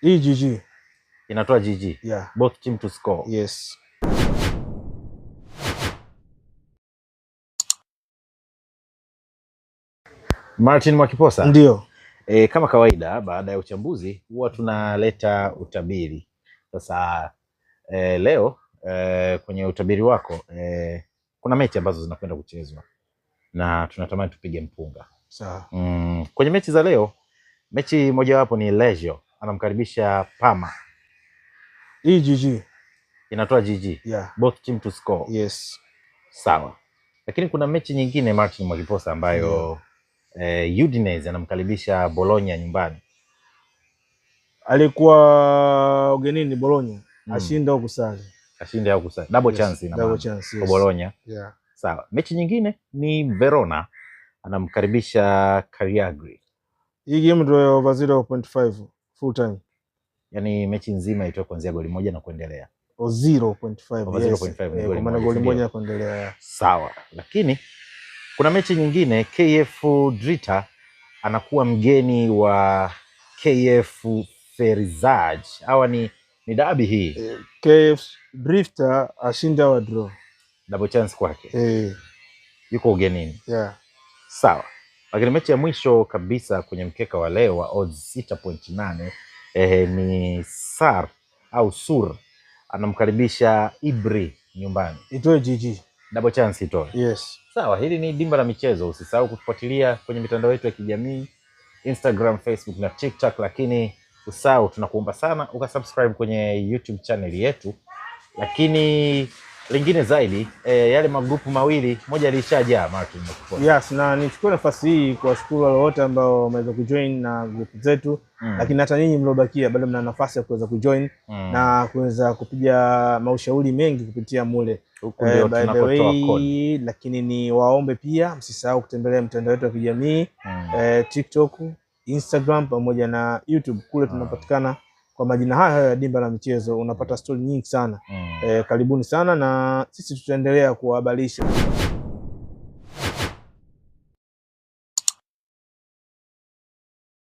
Hii GG inatoa GG. Yeah. Both team to score. Yes. Martin Mwakiposa. Ndio. E, kama kawaida baada ya uchambuzi huwa tunaleta utabiri. Sasa e, leo e, kwenye utabiri wako e, kuna mechi ambazo zinakwenda kuchezwa na tunatamani tupige mpunga. Sawa. Mm, kwenye mechi za leo mechi mojawapo ni Lazio anamkaribisha Parma. Hii GG inatoa GG. Yeah. Both team to score. Yes. Sawa. Lakini kuna mechi nyingine Martin Mwakiposa ambayo yeah. eh, Udinese anamkaribisha Bologna nyumbani. Alikuwa ugenini Bologna, mm. ashinda au kusali. Ashinda au kusali. Double yes. chance ina Double chance. Yes. Bologna. Yeah. Sawa. Mechi nyingine ni Verona anamkaribisha Cagliari. Hii game ndio over 0.5 full time, yani mechi nzima itoe kuanzia goli moja na kuendelea o 0.5, yes. 0.5 eh, kwa maana goli moja na kuendelea sawa, lakini kuna mechi nyingine KF Drita anakuwa mgeni wa KF Ferizaj. Hawa ni ni dabi hii. Eh, KF Drita ashinda wa draw. Double chance kwake. Eh. Yuko ugenini. Yeah. Sawa. Lakini mechi ya mwisho kabisa kwenye mkeka wa leo wa odds 6.8 eh, ni Sar au Sur anamkaribisha Ibri nyumbani. Itoe GG. Double chance itoe. Yes. Sawa, hili ni Dimba la Michezo. Usisahau kutufuatilia kwenye mitandao yetu ya kijamii Instagram, Facebook na TikTok, lakini usahau, tunakuomba sana ukasubscribe kwenye YouTube channel yetu, lakini lingine zaidi e, yale magrupu mawili moja lishajaa Martin. Yes, na nichukue nafasi hii kuwashukuru wale wote ambao wameweza kujoin na grupu zetu mm. Lakini hata nyinyi mliobakia bado mna nafasi ya kuweza kujoin mm. na kuweza kupiga maushauri mengi kupitia mule eh, lakini ni waombe pia msisahau kutembelea mtandao wetu wa kijamii mm. e, TikTok, Instagram pamoja na YouTube kule mm. tunapatikana mm kwa majina haya ya Dimba la Michezo unapata stori nyingi sana mm. E, karibuni sana na sisi tutaendelea kuwahabarisha.